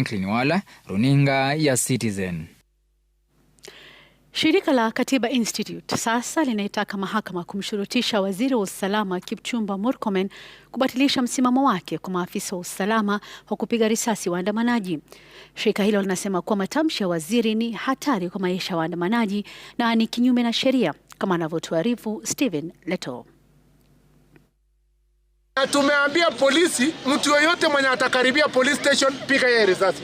Franklin Wala, runinga ya Citizen. Shirika la Katiba Institute sasa linaitaka mahakama kumshurutisha waziri wa usalama Kipchumba Murkomen kubatilisha msimamo wake kwa maafisa wa usalama wa kupiga risasi waandamanaji. Shirika hilo linasema kuwa matamshi ya waziri ni hatari kwa maisha ya waandamanaji na ni kinyume na sheria, kama anavyotuarifu Stephen Leto. Tumeambia polisi, mtu yoyote mwenye atakaribia police station, piga yeye risasi.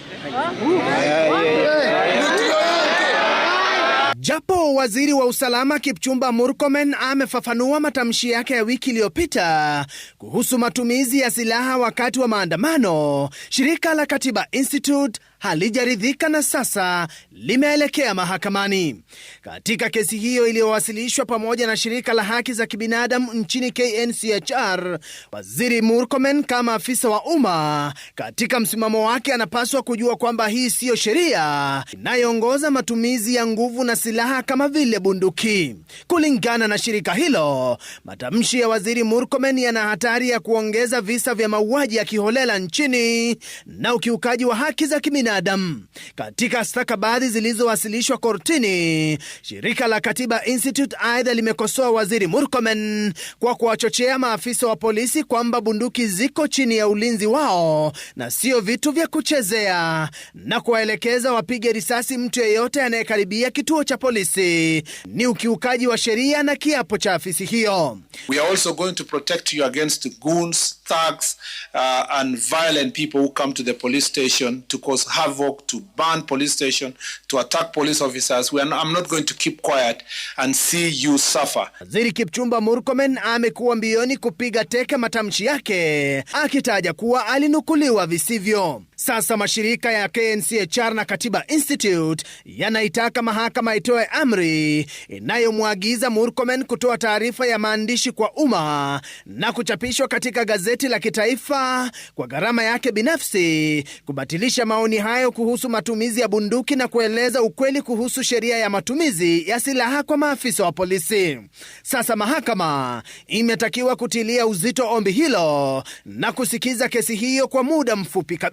Japo waziri wa usalama Kipchumba Murkomen amefafanua matamshi yake ya wiki iliyopita kuhusu matumizi ya silaha wakati wa maandamano, shirika la Katiba Institute halijaridhika na sasa limeelekea mahakamani. Katika kesi hiyo iliyowasilishwa pamoja na shirika la haki za kibinadamu nchini KNCHR, Waziri Murkomen kama afisa wa umma katika msimamo wake anapaswa kujua kwamba hii siyo sheria inayoongoza matumizi ya nguvu na silaha kama vile bunduki. Kulingana na shirika hilo, matamshi ya Waziri Murkomen yana hatari ya kuongeza visa vya mauaji ya kiholela nchini na ukiukaji wa haki za kibinadamu binadamu. Katika stakabadhi zilizowasilishwa kortini, shirika la Katiba Institute aidha limekosoa Waziri Murkomen kwa kuwachochea maafisa wa polisi kwamba bunduki ziko chini ya ulinzi wao na sio vitu vya kuchezea, na kuwaelekeza wapige risasi mtu yeyote anayekaribia kituo cha polisi. Ni ukiukaji wa sheria na kiapo cha afisi hiyo. We are also going to protect you against goons, thugs, uh, and violent people who come to the police station to cause havoc, to burn police station, to attack police officers. We are not, I'm not going to keep quiet and see you suffer. Waziri Kipchumba Murkomen amekuwa mbioni kupiga teke matamshi yake akitaja kuwa alinukuliwa visivyo. Sasa mashirika ya KNCHR na Katiba Institute yanaitaka mahakama itoe amri inayomwagiza Murkomen kutoa taarifa ya maandishi kwa umma na kuchapishwa katika gazeti la kitaifa kwa gharama yake binafsi, kubatilisha maoni hayo kuhusu matumizi ya bunduki na kueleza ukweli kuhusu sheria ya matumizi ya silaha kwa maafisa wa polisi. Sasa mahakama imetakiwa kutilia uzito ombi hilo na kusikiza kesi hiyo kwa muda mfupi kabisa.